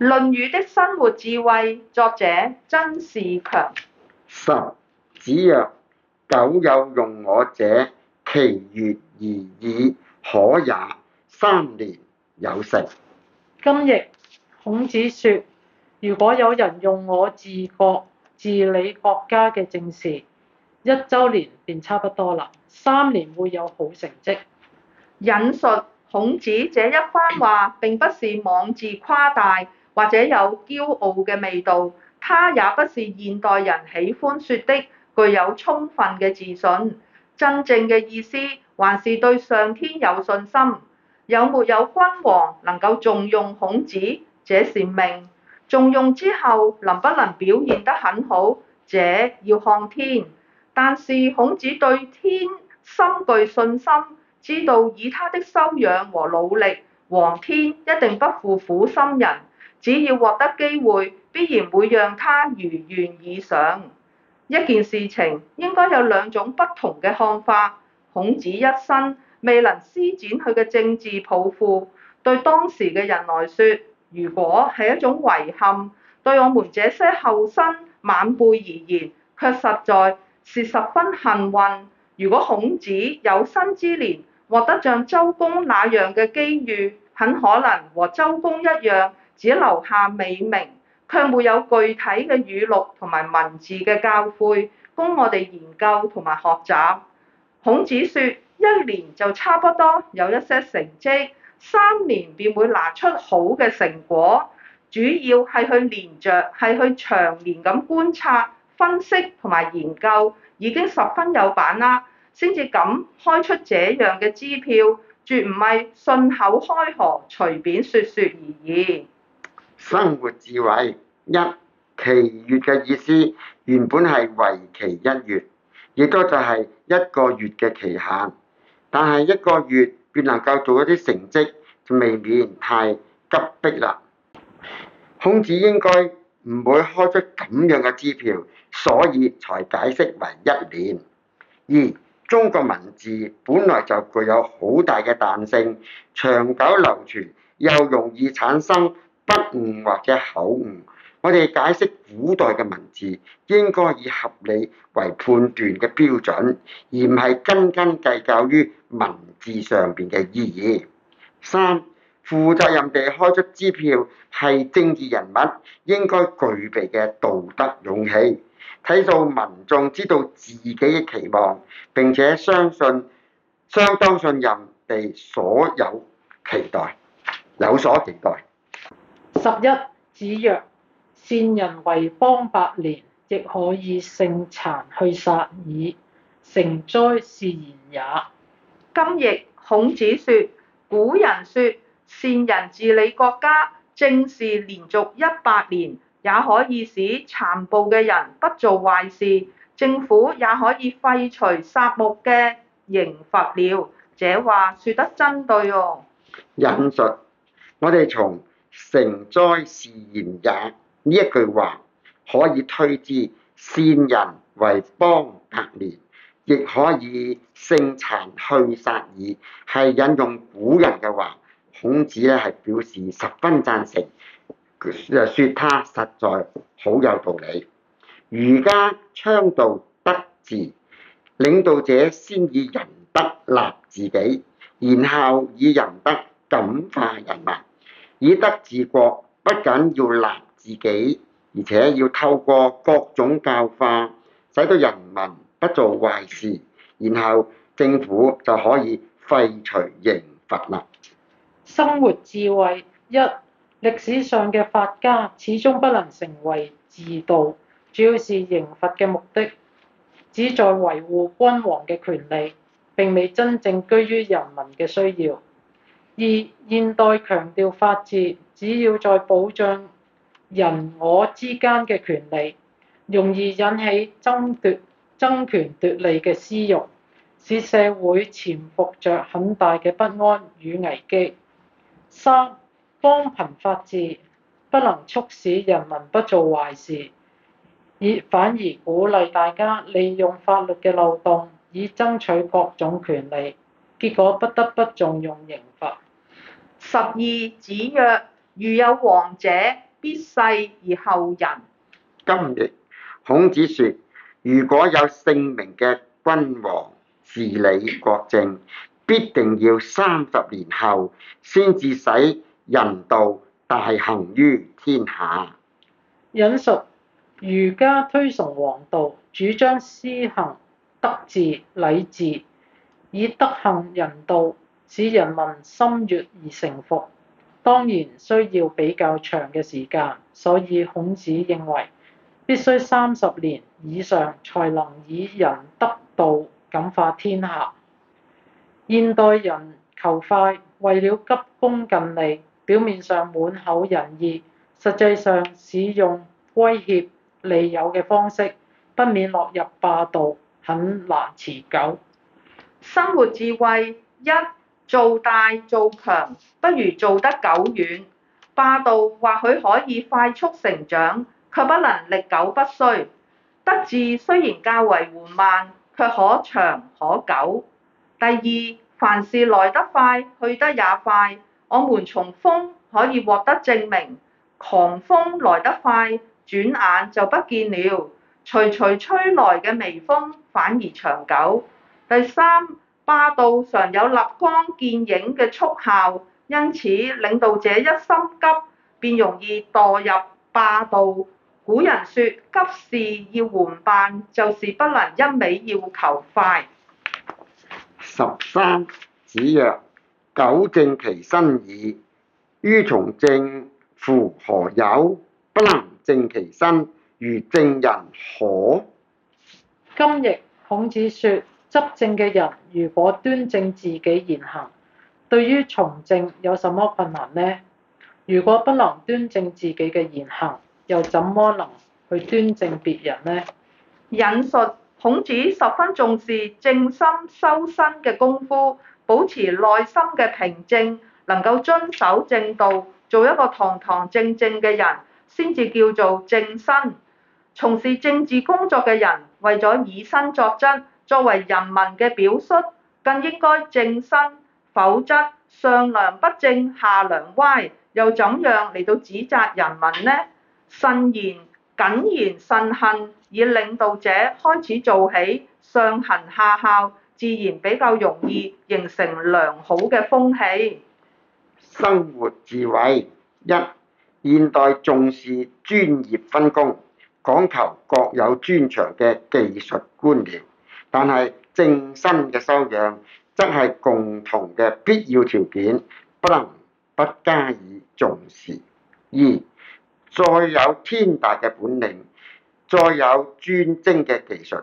《論語》的生活智慧，作者曾仕強。十子曰：苟有用我者，期月而已可也。三年有成。今譯孔子說：如果有人用我治國治理國家嘅政事，一週年便差不多啦，三年會有好成績。引述孔子這一番話，並不是妄自誇大。或者有驕傲嘅味道，他也不是現代人喜歡説的具有充分嘅自信。真正嘅意思，還是對上天有信心。有沒有君王能夠重用孔子？這是命。重用之後能不能表現得很好？這要看天。但是孔子對天深具信心，知道以他的修養和努力，皇天一定不負苦心人。只要獲得機會，必然會讓他如願以償。一件事情應該有兩種不同嘅看法。孔子一生未能施展佢嘅政治抱負，對當時嘅人來說，如果係一種遺憾；對我們這些後生晚輩而言，卻實在是十分幸運。如果孔子有生之年獲得像周公那樣嘅機遇，很可能和周公一樣。只留下美名，卻沒有具體嘅語錄同埋文字嘅教誨，供我哋研究同埋學習。孔子說：一年就差不多有一些成績，三年便會拿出好嘅成果。主要係去連著，係去長年咁觀察、分析同埋研究，已經十分有板啦，先至敢開出這樣嘅支票，絕唔係信口開河、隨便說說而已。生活智慧，一期月嘅意思原本係為期一月，亦都就係一個月嘅期限。但係一個月便能夠做一啲成績，就未免太急迫啦。孔子應該唔會開出咁樣嘅支票，所以才解釋為一年。而中國文字本來就具有好大嘅彈性，長久流傳又容易產生。不誤或者口誤，我哋解釋古代嘅文字應該以合理為判斷嘅標準，而唔係斤斤計較於文字上邊嘅意義。三，負責任地開出支票係政治人物應該具備嘅道德勇氣，睇到民眾知道自己嘅期望，並且相信相當信任地所有期待，有所期待。十一，子曰：善人為邦百年，亦可以勝殘去殺矣。誠哉是言也。今譯孔子說，古人說，善人治理國家，正是連續一百年，也可以使殘暴嘅人不做壞事，政府也可以廢除殺戮嘅刑罰了。這話說得真對哦。引述，我哋從。誠哉是言也，呢一句話可以推至善人為邦百年，亦可以勝殘去殺矣。係引用古人嘅話，孔子咧係表示十分贊成，又說他實在好有道理。儒家倡導德治，領導者先以仁德立自己，然後以仁德感化人民。以德治國不僅要難自己，而且要透過各種教化，使到人民不做壞事，然後政府就可以廢除刑罰啦。生活智慧一，歷史上嘅法家始終不能成為治道，主要是刑罰嘅目的只在維護君王嘅權利，並未真正居於人民嘅需要。二、現代強調法治，只要在保障人我之間嘅權利，容易引起爭奪、爭權奪利嘅私慾，使社會潛伏著很大嘅不安與危機。三、光憑法治不能促使人民不做壞事，而反而鼓勵大家利用法律嘅漏洞以爭取各種權利，結果不得不重用刑罰。十二子曰：如有王者，必世而後仁。今日孔子說：如果有聖明嘅君王治理國政，必定要三十年後先至使仁道大行於天下。引述儒家推崇王道，主張施行德治、禮治，以德行仁道。使人民心悦而誠服，當然需要比較長嘅時間，所以孔子認為必須三十年以上才能以仁德道感化天下。現代人求快，為了急功近利，表面上滿口仁義，實際上使用威脅利誘嘅方式，不免落入霸道，很難持久。生活智慧一。做大做強不如做得久遠，霸道或許可以快速成長，卻不能歷久不衰。德治雖然較為緩慢，卻可長可久。第二，凡事來得快，去得也快。我們從風可以獲得證明，狂風來得快，轉眼就不見了；徐徐吹來嘅微風反而長久。第三。霸道常有立竿見影嘅速效，因此領導者一心急，便容易墮入霸道。古人說急事要緩辦，就是不能一味要求快。十三子曰：苟正其身矣，於從政乎何有？不能正其身，如正人何？今亦孔子說。執政嘅人如果端正自己言行，對於從政有什麼困難呢？如果不能端正自己嘅言行，又怎麼能去端正別人呢？引述孔子十分重視正心修身嘅功夫，保持內心嘅平靜，能夠遵守正道，做一個堂堂正正嘅人，先至叫做正身。從事政治工作嘅人，為咗以身作則。作為人民嘅表率，更應該正身，否則上梁不正下梁歪，又怎樣嚟到指責人民呢？慎言謹言，慎行以領導者開始做起，上行下效，自然比較容易形成良好嘅風氣。生活智慧一，現代重視專業分工，講求各有專長嘅技術官僚。但係正心嘅修養，則係共同嘅必要條件，不能不加以重視。二，再有天大嘅本領，再有專精嘅技術，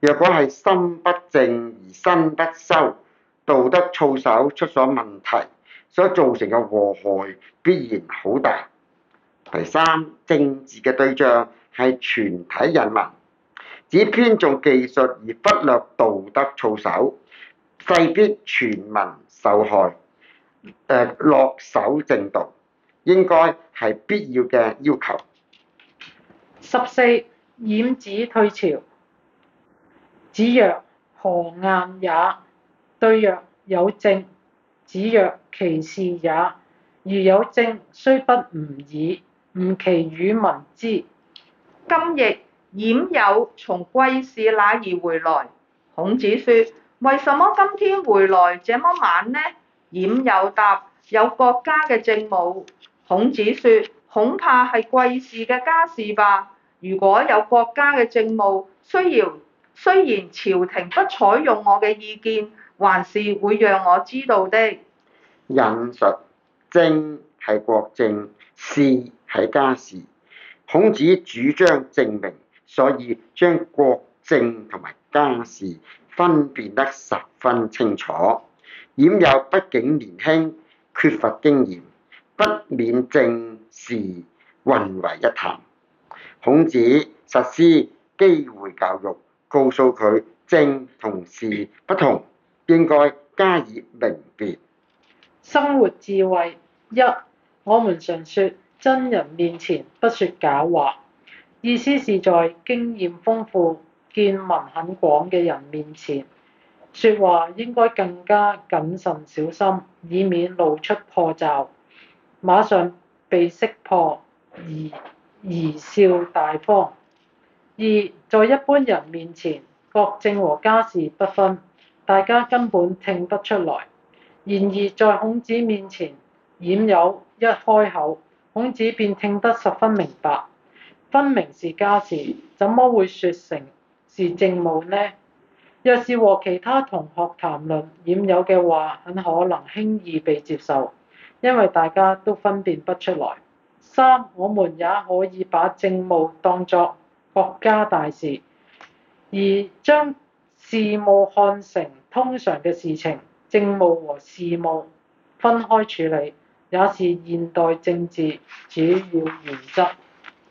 若果係心不正而心不修，道德操守出咗問題，所造成嘅禍害必然好大。第三，政治嘅對象係全體人民。只偏重技術而忽略道德操守，勢必全民受害。誒、呃、落手正道應該係必要嘅要求。十四，冉子退朝，子曰：何晏也？對曰：有政。子曰：其事也。如有政，雖不吾以，吾其與聞之。今亦冉有從季氏那兒回來，孔子說：為什麼今天回來這麼晚呢？冉有答：有國家嘅政務。孔子說：恐怕係季氏嘅家事吧？如果有國家嘅政務需要，雖然朝廷不採用我嘅意見，還是會讓我知道的。引述：政係國政，事係家事。孔子主張正名。所以將國政同埋家事分辨得十分清楚。冉有畢竟年輕，缺乏經驗，不免政事混為一談。孔子實施機會教育，告訴佢政同事不同，應該加以明辨。生活智慧一，我們常説真人面前不說假話。意思是在經驗豐富、見聞很廣嘅人面前，說話應該更加謹慎小心，以免露出破綻，馬上被識破而貽笑大方。二，在一般人面前，國政和家事不分，大家根本聽不出來。然而，在孔子面前，冉有一開口，孔子便聽得十分明白。分明是家事，怎麼會説成是政務呢？若是和其他同學談論掩有嘅話，很可能輕易被接受，因為大家都分辨不出來。三，我們也可以把政務當作國家大事，而將事務看成通常嘅事情。政務和事務分開處理，也是現代政治主要原則。